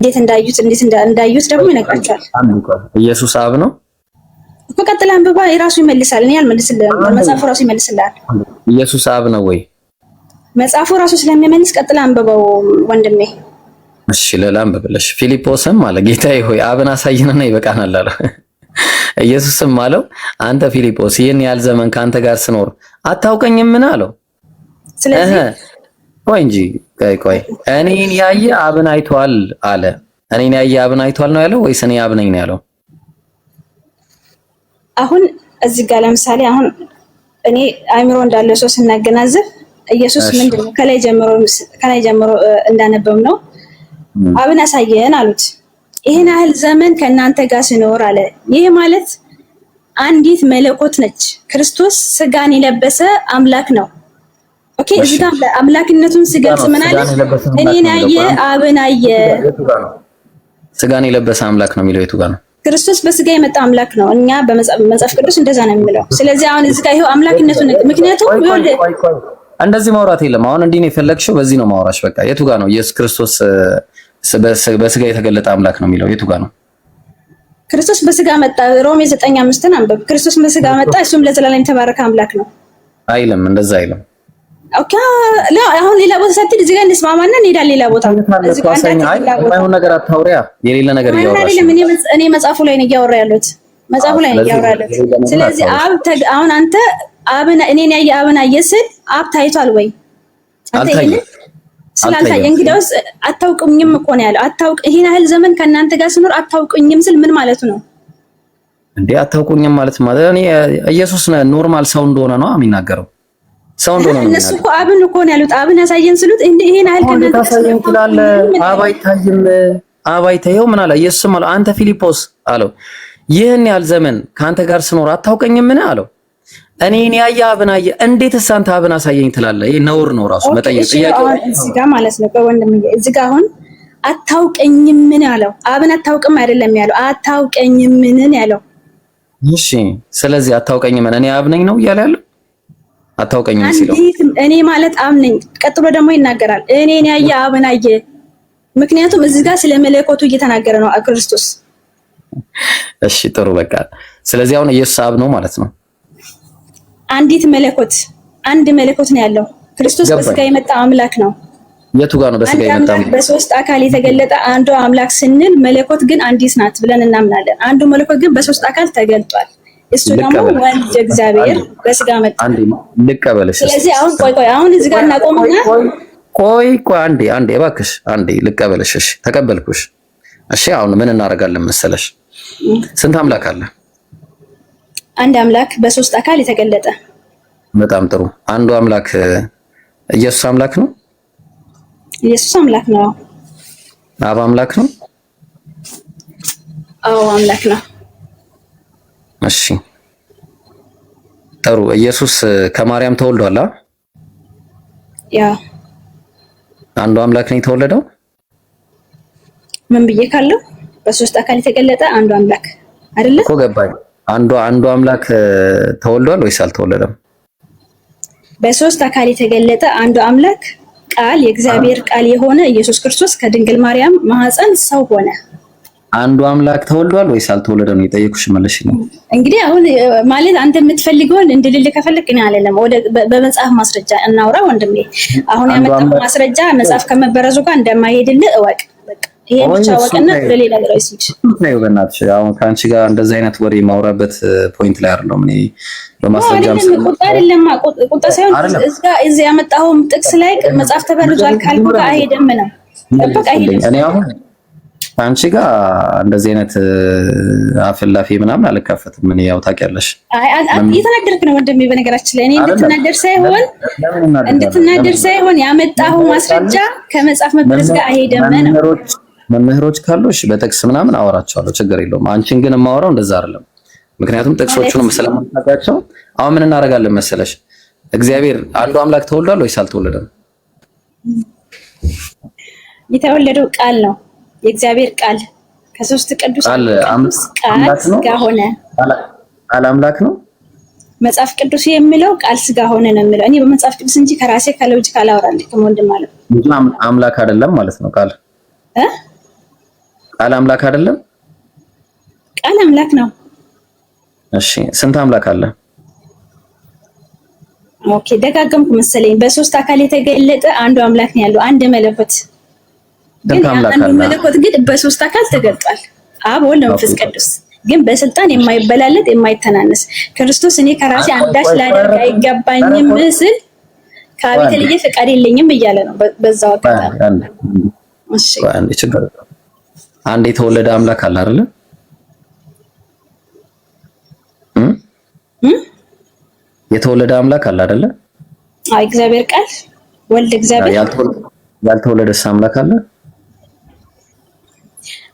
እንዴት እንዳዩት እንዴት እንዳዩት ደግሞ ይነግራቸዋል። ኢየሱስ አብ ነው እኮ ቀጥል አንብባ የራሱ ይመልሳል። እኔ አልመልስልህም። መጽሐፉ ራሱ ይመልስልሃል። ኢየሱስ አብ ነው ወይ መጽሐፉ ራሱ ስለሚመልስ ቀጥል አንብበው ወንድሜ። እሺ ሌላ አንብብለሽ። ፊሊጶስም አለ ጌታዬ ሆይ አብን አሳየንና ይበቃናል አለ። ኢየሱስም አለው አንተ ፊሊጶስ ይህን ያህል ዘመን ከአንተ ጋር ስኖር አታውቀኝምን አለው። ስለዚህ ወይ እንጂ ቆይ ቆይ እኔን ያየ አብን አይቷል አለ። እኔን ያየ አብን አይቷል ነው ያለው ወይስ እኔ አብ ነኝ ነው ያለው? አሁን እዚህ ጋር ለምሳሌ አሁን እኔ አይምሮ እንዳለው ሰው ስናገናዘብ ኢየሱስ ምንድን ነው ከላይ ጀምሮ ከላይ ጀምሮ እንዳነበብ ነው አብን አሳየን አሉት። ይህን ያህል ዘመን ከእናንተ ጋር ሲኖር አለ። ይህ ማለት አንዲት መለኮት ነች። ክርስቶስ ስጋን የለበሰ አምላክ ነው። ኦኬ እዚህ ጋር አምላክነቱን ስገልጽ ምን አለ? እኔን አየ አብን አየ። ስጋን የለበሰ አምላክ ነው የሚለው የቱ ጋር ነው? ክርስቶስ በስጋ የመጣ አምላክ ነው። እኛ በመጽሐፍ ቅዱስ እንደዛ ነው የሚለው። ስለዚህ አሁን እዚህ ጋር ይሄው አምላክነቱን ምክንያቱም እንደዚህ ማውራት የለም። አሁን እንዲህ ነው የፈለግሽው፣ በዚህ ነው ማውራሽ። በቃ የቱ ጋር ነው ኢየሱስ ክርስቶስ በስጋ የተገለጠ አምላክ ነው የሚለው የቱ ጋር ነው? ክርስቶስ በስጋ መጣ። ሮሜ 9:5 አንብብ። ክርስቶስ በስጋ መጣ፣ እሱም ለዘላለም የተባረከ አምላክ ነው አይልም። እንደዛ አይልም። አሁን ሌላ ቦታ ሳትሄድ እዚህ ጋር እንስማማና እንሄዳለን። ሌላ ቦታ የማይሆን ነገር አታውሪያ። የሌለ ነገር እኔ መጽሐፉ ላይ ነው እያወራ ያለሁት፣ መጽሐፉ ላይ ነው እያወራ ያለሁት። ስለዚህ አብ አሁን አንተ አብን እኔን ያየ አብን አየ ስል አብ ታይቷል ወይ አልታየም? ስላልታየ እንግዲያውስ አታውቅኝም እኮ ነው ያለው። አታውቅ ይሄን ያህል ዘመን ከእናንተ ጋር ስኖር አታውቅኝም ስል ምን ማለት ነው? እንዴ አታውቁኝም ማለት ማለት እኔ ኢየሱስ ኖርማል ሰው እንደሆነ ነው የሚናገረው ሰው እንደሆነ ነው። እነሱ እኮ አብን እኮ ነው ያሉት። አብን ያሳየን ስሉት እንዴ ይሄን አህል ከመንፈስ ታሳየን ትላለ። አብ አይታይም፣ አብ አይታየው ምን አለ? ኢየሱስም አለው አንተ ፊሊጶስ አለው ይህን ያህል ዘመን ከአንተ ጋር ስኖር ምን አለው እኔን ያየ አብን አየ፣ እንዴት አንተ አብን አሳየኝ ትላለ? ይሄ ነውር ነው ራሱ መጠየቅ። ጥያቄው እዚህ ጋር ማለት ነው። ቆይ ወንድምዬ፣ እዚህ ጋር አሁን ምን አለው። አብን አታውቅም አይደለም ያለው፣ አታውቀኝምን ያለው። እሺ፣ ስለዚህ አታውቀኝምን እኔ አብ ነኝ ነው እያለ ያለው አታውቀኝም ሲለው እኔ ማለት አብ ነኝ። ቀጥሎ ደግሞ ይናገራል እኔን ያየ አብን አየ። ምክንያቱም እዚህ ጋር ስለ መለኮቱ እየተናገረ ነው ክርስቶስ። እሺ ጥሩ በቃ ስለዚህ አሁን ኢየሱስ አብ ነው ማለት ነው። አንዲት መለኮት አንድ መለኮት ነው ያለው ክርስቶስ በስጋ የመጣ አምላክ ነው። የቱ ጋር ነው በስጋ የመጣ አምላክ? በሶስት አካል የተገለጠ አንዱ አምላክ ስንል መለኮት ግን አንዲት ናት ብለን እናምናለን። አንዱ መለኮት ግን በሶስት አካል ተገልጧል። እሱ ደግሞ ወልድ እግዚአብሔር በስጋ መጣ። ልቀበልሽ። ስለዚህ አሁን ቆይ ቆይ አሁን እዚህ ጋር እናቆምና ቆይ ቆይ አንዴ አንዴ እባክሽ አንዴ ልቀበልሽ። እሺ ተቀበልኩሽ። እሺ አሁን ምን እናደርጋለን መሰለሽ? ስንት አምላክ አለ? አንድ አምላክ በሶስት አካል የተገለጠ። በጣም ጥሩ። አንዱ አምላክ ኢየሱስ አምላክ ነው። ኢየሱስ አምላክ ነው። አብ አምላክ ነው። አዎ አምላክ ነው። እሺ ጥሩ። ኢየሱስ ከማርያም ተወልዷል። ያ አንዱ አምላክ ነው የተወለደው። ምን ብዬ ካለው በሶስት አካል የተገለጠ አንዱ አምላክ አይደለ እኮ ገባኝ። አንዱ አንዱ አምላክ ተወልዷል ወይስ አልተወለደም? በሶስት አካል የተገለጠ አንዱ አምላክ ቃል የእግዚአብሔር ቃል የሆነ ኢየሱስ ክርስቶስ ከድንግል ማርያም ማህፀን ሰው ሆነ። አንዱ አምላክ ተወልዷል ወይስ አልተወለደም? የጠየኩሽ መለሽ ነው። እንግዲህ አሁን ማለት አንተ የምትፈልገውን እንድልል ከፈለግ እኔ አለለም ወደ በመጽሐፍ ማስረጃ እናውራ ወንድሜ። አሁን ያመጣው ማስረጃ መጽሐፍ ከመበረዙ ጋር እንደማይሄድልህ እወቅ። ይሄ ብቻ እወቅና ወደ ሌላ ድረስ ነው። አሁን ከአንቺ ጋር እንደዚህ አይነት ወሬ ማውራበት ፖይንት ላይ አይደለም እኔ በማስረጃም ቁጣ አይደለም ቁጣ ሳይሆን እዚህ ጋር እዚህ ያመጣኸውም ጥቅስ ላይ መጽሐፍ ተበርዟል ካልኩ ጋር አይሄድም ነው። በቃ አይሄድም እኔ አሁን አንቺ ጋር እንደዚህ አይነት አፍላፊ ምናምን አልካፈትም። ምን ያው ታውቂያለሽ፣ እየተናገርክ ነው ወንድሜ። በነገራችን ላይ እኔ እንድትናደር ሳይሆን እንድትናደር ሳይሆን ያመጣሁ ማስረጃ ከመጽሐፍ መቅደስ ጋር አይሄደም ነው። መምህሮች ካሉሽ በጥቅስ ምናምን አወራቸዋለሁ፣ ችግር የለውም። አንቺን ግን የማወራው እንደዛ አይደለም፣ ምክንያቱም ጥቅሶቹንም ስለማታውቃቸው። አሁን ምን እናደርጋለን መሰለሽ፣ እግዚአብሔር አንዱ አምላክ ተወልዷል ወይስ አልተወለደም? የተወለደው ቃል ነው የእግዚአብሔር ቃል ከሶስት ቅዱስ ቃል ስጋ ሆነ ቃል አምላክ ነው። መጽሐፍ ቅዱስ የሚለው ቃል ስጋ ሆነ ነው የሚለው። እኔ በመጽሐፍ ቅዱስ እንጂ ከራሴ ከሎጂክ አላወራልክም ወንድም አለ እንጂ አምላክ አይደለም ማለት ነው። ቃል እ ቃል አምላክ አይደለም። ቃል አምላክ ነው። እሺ ስንት አምላክ አለ? ኦኬ ደጋገምኩ መሰለኝ። በሶስት አካል የተገለጠ አንዱ አምላክ ነው ያለው አንድ መለኮት ግን መለኮት ግን በሶስት አካል ተገልጧል። አብ ወልድ መንፈስ ቅዱስ ግን በስልጣን የማይበላለጥ የማይተናነስ ክርስቶስ እኔ ከራሴ አንዳች ላደርግ አይገባኝም ስል ከአብ የተለየ ፈቃድ የለኝም እያለ ነው። በዛው አጋጣሚ አንድ የተወለደ አምላክ አለ አይደለ? የተወለደ አምላክ አለ አይደለ? አይ እግዚአብሔር ቃል ወልድ እግዚአብሔር ያልተወለደስ አምላክ አለ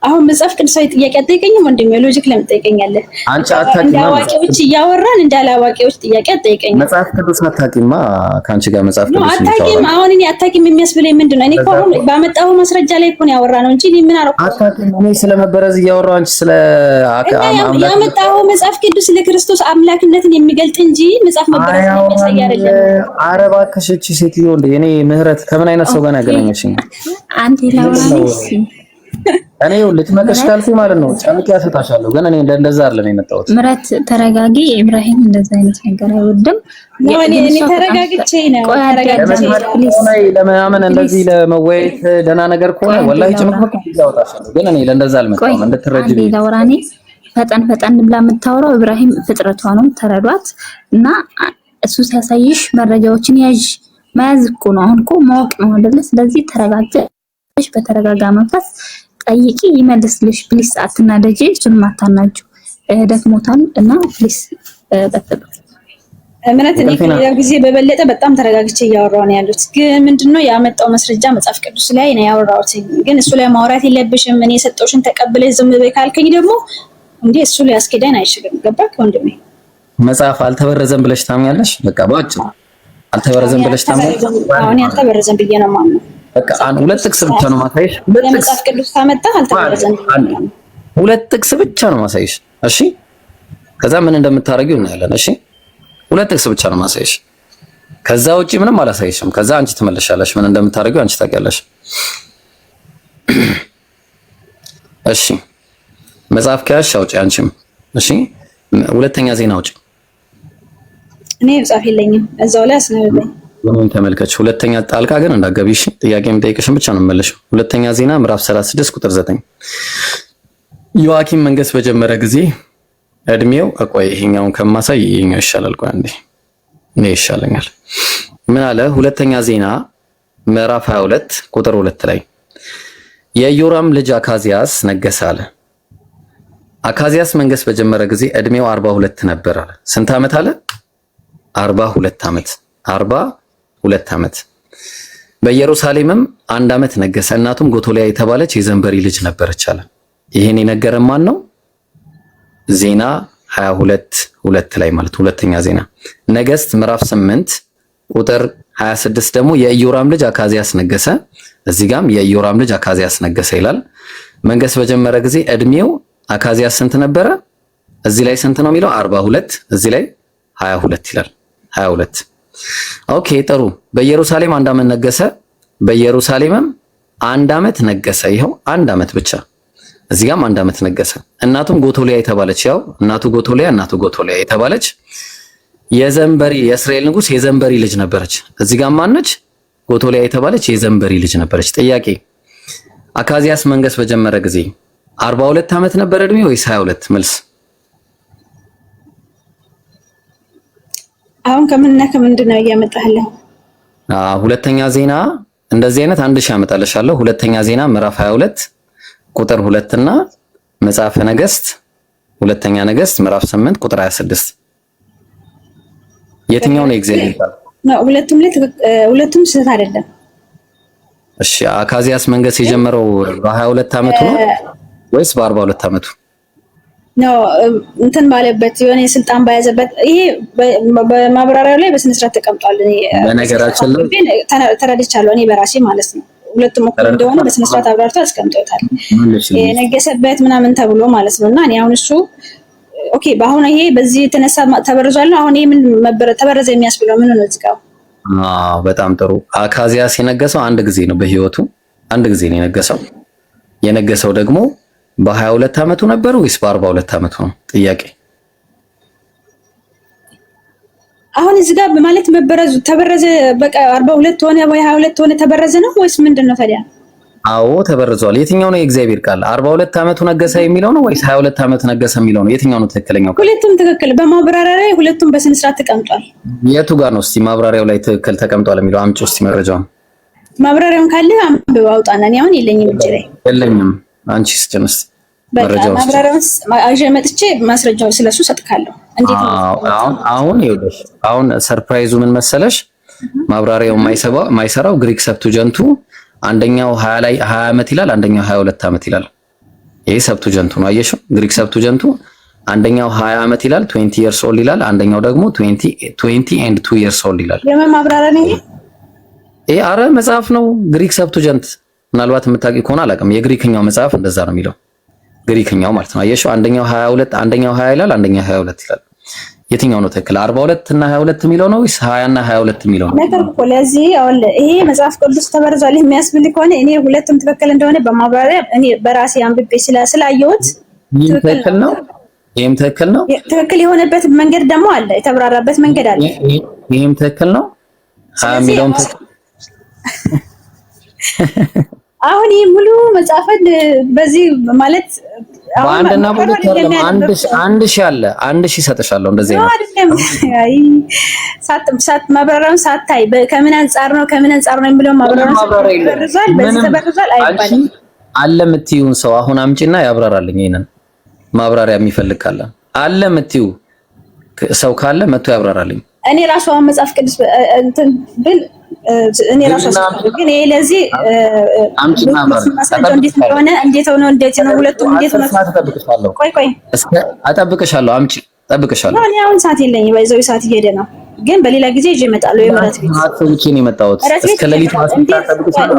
አሁን መጽሐፍ ቅዱሳዊ ጥያቄ አጠይቀኝም ወንድሜ፣ ሎጂክ ለምን ትጠይቀኛለህ? አንቺ አታውቂም። እንደ አዋቂዎች እያወራን እንደ አላዋቂዎች ጥያቄ አጠይቀኝም። መጽሐፍ ቅዱስ አታውቂማ። ከአንቺ ጋር መጽሐፍ ቅዱስ አታውቂም። አሁን እኔ አታውቂም የሚያስብለኝ ምንድን ነው? እኔ እኮ አሁን ባመጣው ማስረጃ ላይ እኮ ነው ያወራነው እንጂ ምን አደረኩ? አታውቂም። እኔ ስለመበረዝ እያወራሁ አንቺ ስለ ያመጣው መጽሐፍ ቅዱስ ለክርስቶስ አምላክነትን የሚገልጥ እንጂ መጽሐፍ መበረዝ የሚያሳይ አይደለም። ኧረ እባክሽ እቺ ሴትዮ እንደ እኔ ምህረት ከምን አይነት ሰው ጋር ያገናኘሽኝ? አንዴ ላውራ ነው እኔ ልትመለሽ ካልፊ ማለት ነው ጨምቄ አሰጣሻለሁ። ግን እኔ እንደዛ አይደለም የመጣሁት። ምረት ተረጋጊ። ኢብራሂም እንደዛ አይነት ነገር አይወድም። እኔ ተረጋግቼ ነው ለምናምን እንደዚህ ለመወያየት ደህና ነገር ከሆነ ወላሂ ጭምቅምቅ ይዛውጣሻለሁ። ግን እኔ ለእንደዛ አልመጣሁም። እንድትረጅ ዳውራኔ ፈጠን ፈጠን ብላ የምታወራው ኢብራሂም ፍጥረቷ ነው። ተረዷት እና እሱ ሲያሳይሽ መረጃዎችን ያዥ መያዝ እኮ ነው። አሁን እኮ ማወቅ ነው አይደለ? ስለዚህ ተረጋግተሽ በተረጋጋ መንፈስ ጠይቂ ይመልስልሽ። ፕሊስ አትናደጂ፣ እሱን ማታናጁ ደክሞታል እና ፕሊስ በጥብ እምነት እኔ ከሌላ ጊዜ በበለጠ በጣም ተረጋግቼ እያወራሁ ነው ያሉት። ግን ምንድነው ያመጣው መስረጃ መጽሐፍ ቅዱስ ላይ ነው ያወራሁት። ግን እሱ ላይ ማውራት የለብሽም እኔ የሰጠውሽን ተቀብለሽ ዝም በይ ካልከኝ ደግሞ እንዴ እሱ ላይ ሊያስኬዳን አይችልም። ገባክ ወንድሜ? መጽሐፍ አልተበረዘም ብለሽ ታምኛለሽ? በቃ ባጭሩ አልተበረዘም ብለሽ ታምኛለሽ? አሁን አልተበረዘም ብዬ ነው የማምነው። በቃ ሁለት ጥቅስ ብቻ ነው ማሳይሽ። ሁለት ጥቅስ ቅዱስ ታመጣ አልተገረዘም። ሁለት ጥቅስ ብቻ ነው ማሳይሽ። እሺ፣ ከዛ ምን እንደምታረጊው እናያለን። እሺ፣ ሁለት ጥቅስ ብቻ ነው ማሳይሽ። ከዛ ውጪ ምንም አላሳይሽም። ከዛ አንቺ ትመለሻለሽ። ምን እንደምታረጊው አንቺ ታውቂያለሽ። እሺ፣ መጽሐፍ ከያዝሽ አውጪ አንቺም። እሺ፣ ሁለተኛ ዜና አውጪ። እኔ መጽሐፍ የለኝም። እዛው ላይ አስነብበኝ ሆኖን ተመልከች። ሁለተኛ ጣልቃ ግን እንዳትገቢሽ፣ ጥያቄ የምጠይቅሽን ብቻ ነው የምመለሽው። ሁለተኛ ዜና ምዕራፍ 36 ቁጥር 9 ዮአኪም መንገስ በጀመረ ጊዜ እድሜው እቆይ፣ ይሄኛውን ከማሳይ ይሄኛው ይሻላል። ቆይ አንዴ እኔ ይሻለኛል። ምን አለ? ሁለተኛ ዜና ምዕራፍ 22 ቁጥር 2 ላይ የዮራም ልጅ አካዚያስ ነገሰ አለ። አካዚያስ መንገስ በጀመረ ጊዜ እድሜው 42 ነበር አለ። ስንት ዓመት አለ? 42 ዓመት 40 ሁለት ዓመት በኢየሩሳሌምም አንድ ዓመት ነገሰ። እናቱም ጎቶሊያ የተባለች የዘንበሪ ልጅ ነበረች አለ። ይህን የነገረ ማን ነው? ዜና 22 ሁለት ላይ ማለት ሁለተኛ ዜና ነገስት ምዕራፍ 8 ቁጥር 26 ደግሞ የኢዮራም ልጅ አካዚያስ ነገሰ። እዚህ ጋም የኢዮራም ልጅ አካዚያስ ነገሰ ይላል። መንገስ በጀመረ ጊዜ እድሜው አካዚያስ ስንት ነበረ? እዚህ ላይ ስንት ነው የሚለው 42 እዚህ ላይ 22 ይላል 22 ኦኬ ጥሩ። በኢየሩሳሌም አንድ ዓመት ነገሰ። በኢየሩሳሌምም አንድ ዓመት ነገሰ። ይኸው አንድ ዓመት ብቻ እዚህ ጋም አንድ ዓመት ነገሰ። እናቱም ጎቶሊያ የተባለች ያው እናቱ ጎቶሊያ እናቱ ጎቶሊያ የተባለች የዘንበሪ የእስራኤል ንጉስ የዘንበሪ ልጅ ነበረች። እዚህ ጋም ማነች? ጎቶሊያ የተባለች የዘንበሪ ልጅ ነበረች። ጥያቄ አካዚያስ መንገስ በጀመረ ጊዜ 42 ዓመት ነበር እድሜ ወይስ 22? መልስ አሁን ከምንና ከምንድን ነው እያመጣለሁ? ሁለተኛ ዜና እንደዚህ አይነት አንድ ሺህ አመጣልሻለሁ። ሁለተኛ ዜና ምዕራፍ 22 ቁጥር 2 እና መጽሐፈ ነገስት ሁለተኛ ነገስት ምዕራፍ 8 ቁጥር 26 የትኛው ነው ኤግዛክት ነው? ሁለቱም ላይ ሁለቱም ስህተት አይደለም። እሺ አካዚያስ መንገስ የጀመረው በ22 አመቱ ነው ወይስ በ42 አመቱ? ነው እንትን ባለበት የሆነ ስልጣን በያዘበት ይሄ በማብራሪያው ላይ በስነስርዓት ተቀምጧል። በነገራችን ላይ ተረድቻለሁ እኔ በራሴ ማለት ነው። ሁለቱም እኩል እንደሆነ በስነስርዓት አብራርቶ አስቀምጦታል። የነገሰበት ምናምን ተብሎ ማለት ነው እና እኔ አሁን እሱ ኦኬ፣ በአሁን ይሄ በዚህ የተነሳ ተበርዟል። አሁን ይሄ ምን ተበረዘ የሚያስብለው ምን ነው? ዝጋው። በጣም ጥሩ። አካዚያስ የነገሰው አንድ ጊዜ ነው በህይወቱ አንድ ጊዜ ነው የነገሰው። የነገሰው ደግሞ በ22 ዓመቱ ነበር ወይስ በ42 ዓመቱ ነው? ጥያቄ አሁን እዚህ ጋር ማለት መበረዙ ተበረዘ፣ በቃ 42 ሆነ ወይ 22 ሆነ ተበረዘ ነው ወይስ ምንድን ነው ታዲያ? አዎ ተበርዟል። የትኛው ነው የእግዚአብሔር ቃል? 42 ዓመቱ ነገሰ የሚለው ነው ወይስ 22 ዓመቱ ነገሰ የሚለው ነው? የትኛው ነው ትክክለኛው? ሁለቱም ትክክል። በማብራሪያ ላይ ሁለቱም በስነ ስርዓት ተቀምጧል። የቱ ጋር ነው እስቲ ማብራሪያው ላይ ትክክል ተቀምጧል የሚለው? አምጪው እስቲ መረጃውን። ማብራሪያውን ካለ አንብብ አውጣና። እኔ አሁን የለኝም እጄ ላይ የለኝም አንቺ ስትነስ መረጃ መጥቼ ማስረጃው ስለሱ ሰጥካለሁ። አሁን አሁን ይኸውልሽ፣ አሁን ሰርፕራይዙ ምን መሰለሽ? ማብራሪያው ማይሰራው ግሪክ ሰብቱጀንቱ አንደኛው 20 ላይ 20 ዓመት ይላል፣ አንደኛው 22 ዓመት ይላል። ይሄ ሰብቱጀንቱ ነው። አየሽው? ግሪክ ሰብቱጀንቱ አንደኛው 20 ዓመት ይላል 20 years old ይላል፣ አንደኛው ደግሞ 20 20 and 2 years old ይላል። የማብራሪያ ነው ይሄ። አረ መጽሐፍ ነው ግሪክ ሰብቱጀንት ምናልባት የምታውቂ ከሆነ አላውቅም። የግሪክኛው መጽሐፍ እንደዛ ነው የሚለው ግሪክኛው ማለት ነው። አየሽው አንደኛው 22 አንደኛው 20 ይላል፣ አንደኛው 22 ይላል። የትኛው ነው ትክክል? 42 እና 22 የሚለው ነው ወይስ 20 እና 22 የሚለው ነው? ነገር እኮ ለዚህ አሁን ይሄ መጽሐፍ ቅዱስ ተበርዟል የሚያስብል ከሆነ እኔ ሁለቱም ትክክል እንደሆነ በማብራሪያ እኔ በራሴ አንብቤ ስላየሁት ትክክል ነው። ይሄም ትክክል ነው። ትክክል የሆነበት መንገድ ደግሞ አለ፣ የተብራራበት መንገድ አለ። ይሄም ትክክል ነው። 20 የሚለውም አሁን ይህ ሙሉ መጻፈን በዚህ ማለት በአንድና በሁለት አንድ ሺ አለ አንድ ሺ ሰጥሻለሁ። እንደዚህ ሳት ማብራሪያውን ሳታይ ከምን አንጻር ነው ከምን አንጻር ነው የሚለው ማብራሪያ ተበርዟል በዚህ ተበርዟል አይባልም። አለ የምትይውን ሰው አሁን አምጪና ያብራራልኝ። ይሄንን ማብራሪያ የሚፈልግ ካለ አለ የምትይው ሰው ካለ መጥቶ ያብራራልኝ። እኔ ራሷ መጽሐፍ ቅዱስ እንትን ብል እኔ ራሷ ግን ይሄ ለዚህ ማስረጃው እንዴት እንደሆነ እንዴት ሆኖ እንዴት ነው ሁለቱም እንዴት ነው? ቆይ ቆይ አጠብቅሻለሁ፣ አምጪ፣ አጠብቅሻለሁ። አሁን ሰዓት የለኝም፣ ባይዘው ሰዓት እየሄደ ነው። ግን በሌላ ጊዜ ይዤ እመጣለሁ። የምረት ቤት አጥብቄ ነው የመጣሁት። እስከ ሌሊት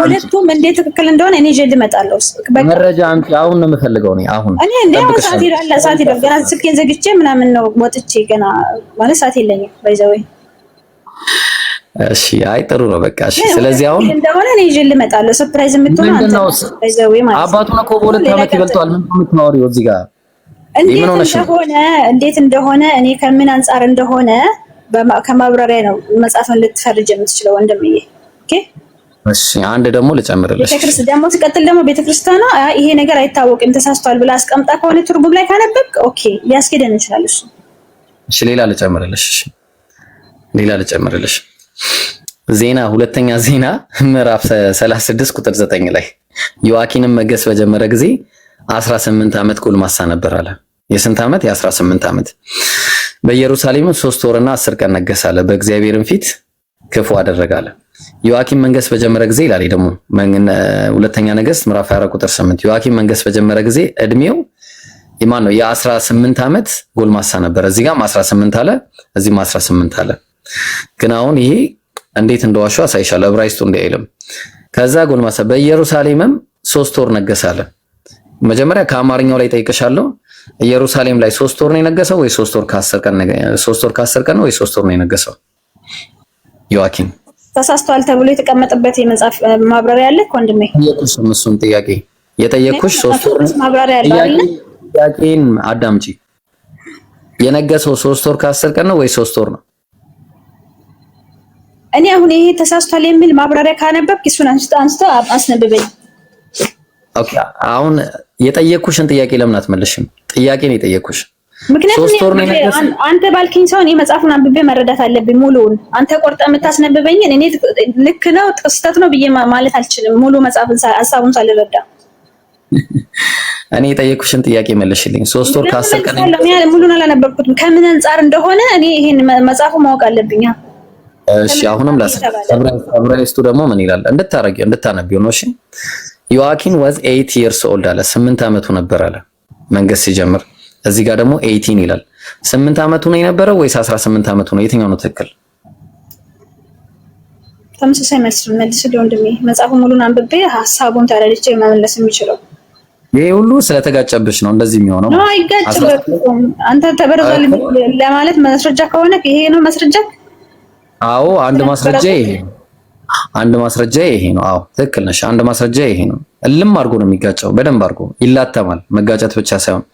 ሁለቱም እንዴት ትክክል እንደሆነ እኔ ይዤ እመጣለሁ። መረጃ አንቺ አሁን ነው የምፈልገው እኔ አሁን እኔ እንደው ሰዓት ይላል ሰዓት ይላል። ገና ስልኬን ዘግቼ ምናምን ነው ወጥቼ ገና ማለት ሰዓት የለኝም ባይዘው። እሺ፣ አይ ጥሩ ነው በቃ እሺ። ስለዚህ አሁን እንደሆነ እኔ ይዤ እመጣለሁ። ሰርፕራይዝ የምትሆን አንተ ባይዘው ማለት ነው እኮ በሁለት ዓመት ይበልጠዋል። ምን የምትማወሪው እዚህ ጋር እንዴት እንደሆነ እንዴት እንደሆነ እኔ ከምን አንጻር እንደሆነ ከማብራሪያ ነው መጽሐፍን ልትፈርጅ የምትችለው ወንድምዬ። ኦኬ እሺ፣ አንድ ደግሞ ልጨምርልሽ። ቤተክርስቲያን ደግሞ ሲቀጥል ደግሞ ቤተክርስቲያኗ ይሄ ነገር አይታወቅም ተሳስቷል ብላ አስቀምጣ ከሆነ ትርጉም ላይ ካነበብክ ኦኬ ሊያስኬደን ይችላል እሱ። እሺ፣ ሌላ ልጨምርልሽ፣ ሌላ ልጨምርልሽ። ዜና ሁለተኛ ዜና ምዕራፍ 36 ቁጥር 9 ላይ ዮአኪንም መገስ በጀመረ ጊዜ 18 ዓመት ጎልማሳ ነበር አለ። የስንት ዓመት? የ18 ዓመት በኢየሩሳሌም ሶስት ወርና አስር ቀን ነገሳለ። በእግዚአብሔርም ፊት ክፉ አደረጋለ። ዮአኪም መንገስ በጀመረ ጊዜ ይላል ደግሞ ሁለተኛ ነገስት ምዕራፍ 4 ቁጥር 8 ዮአኪም መንገስ በጀመረ ጊዜ እድሜው የማን ነው? የ18 ዓመት ጎልማሳ ነበር። እዚህ ጋም 18 አለ፣ እዚህም 18 አለ። ግን አሁን ይሄ እንዴት እንደዋሹ አሳይሻለሁ። ዕብራይስጡ እንዲህ አይልም። ከዛ ጎልማሳ በኢየሩሳሌምም ሶስት ወር ነገሳለ። መጀመሪያ ከአማርኛው ላይ ጠይቀሻለሁ። ኢየሩሳሌም ላይ ሶስት ወር ነው የነገሰው ወይ ሶስት ወር ከአስር ቀን ሶስት ወር ከአስር ቀን ወይ ሶስት ወር ነው የነገሰው ዮአኪም ተሳስቷል ተብሎ የተቀመጠበት የመጽሐፍ ማብራሪያ አለ ወንድሜ የቁስ እሱን ጥያቄ የጠየኩሽ ሶስት ወር ማብራሪያ አለ ጥያቄን አዳምጪ የነገሰው ሶስት ወር ከአስር ቀን ነው ወይ ሶስት ወር ነው እኔ አሁን ይሄ ተሳስቷል የሚል ማብራሪያ ካነበብክ እሱን አንስተ አንስተ አስነብበኝ ኦኬ አሁን የጠየኩሽን ጥያቄ ለምን አትመልሽም? ጥያቄ ነው የጠየኩሽ። ምክንያቱም አንተ ባልኪኝ ሰውን የመጽሐፉን አንብቤ መረዳት አለብኝ ሙሉውን። አንተ ቆርጠ የምታስነብበኝን እኔ ልክ ነው ጥስተት ነው ብዬ ማለት አልችልም፣ ሙሉ መጽሐፍን ሀሳቡን ሳልረዳ። እኔ የጠየኩሽን ጥያቄ መልሽልኝ። ሶስት ወር ከአስር ቀን ሙሉን አላነበብኩትም። ከምን አንጻር እንደሆነ እኔ ይሄን መጽሐፉ ማወቅ አለብኝ። እሺ አሁንም ላስ ብራይስቱ ደግሞ ምን ይላል? እንድታረጊ እንድታነቢው ነው እሺ ዮአኪን ዋዝ ኤይት ይርስ ኦልድ አለ። ስምንት ዓመቱ ነበር አለ መንገስ ሲጀምር። እዚህ ጋር ደግሞ ኤይቲን ይላል። ስምንት ዓመቱ ነው የነበረው ወይስ 18 ዓመቱ ነው? የትኛው ነው ትክክል? ተመሳሳይ መልስ መልስ። ወንድሜ መጽሐፉ ሙሉን አንብቤ ሀሳቡን ተረድቼ መመለስ የሚችለው ይሄ ሁሉ ስለተጋጨብሽ ነው እንደዚህ የሚሆነው። ነው አንተ ተበረዛል ለማለት ማስረጃ ከሆነ ይሄ ነው ማስረጃ። አዎ አንድ ማስረጃ ይሄ ነው አንድ ማስረጃ ይሄ ነው። አዎ ትክክል ነሽ። አንድ ማስረጃ ይሄ ነው። እልም አድርጎ ነው የሚጋጨው። በደንብ አድርጎ ይላተማል። መጋጨት ብቻ ሳይሆን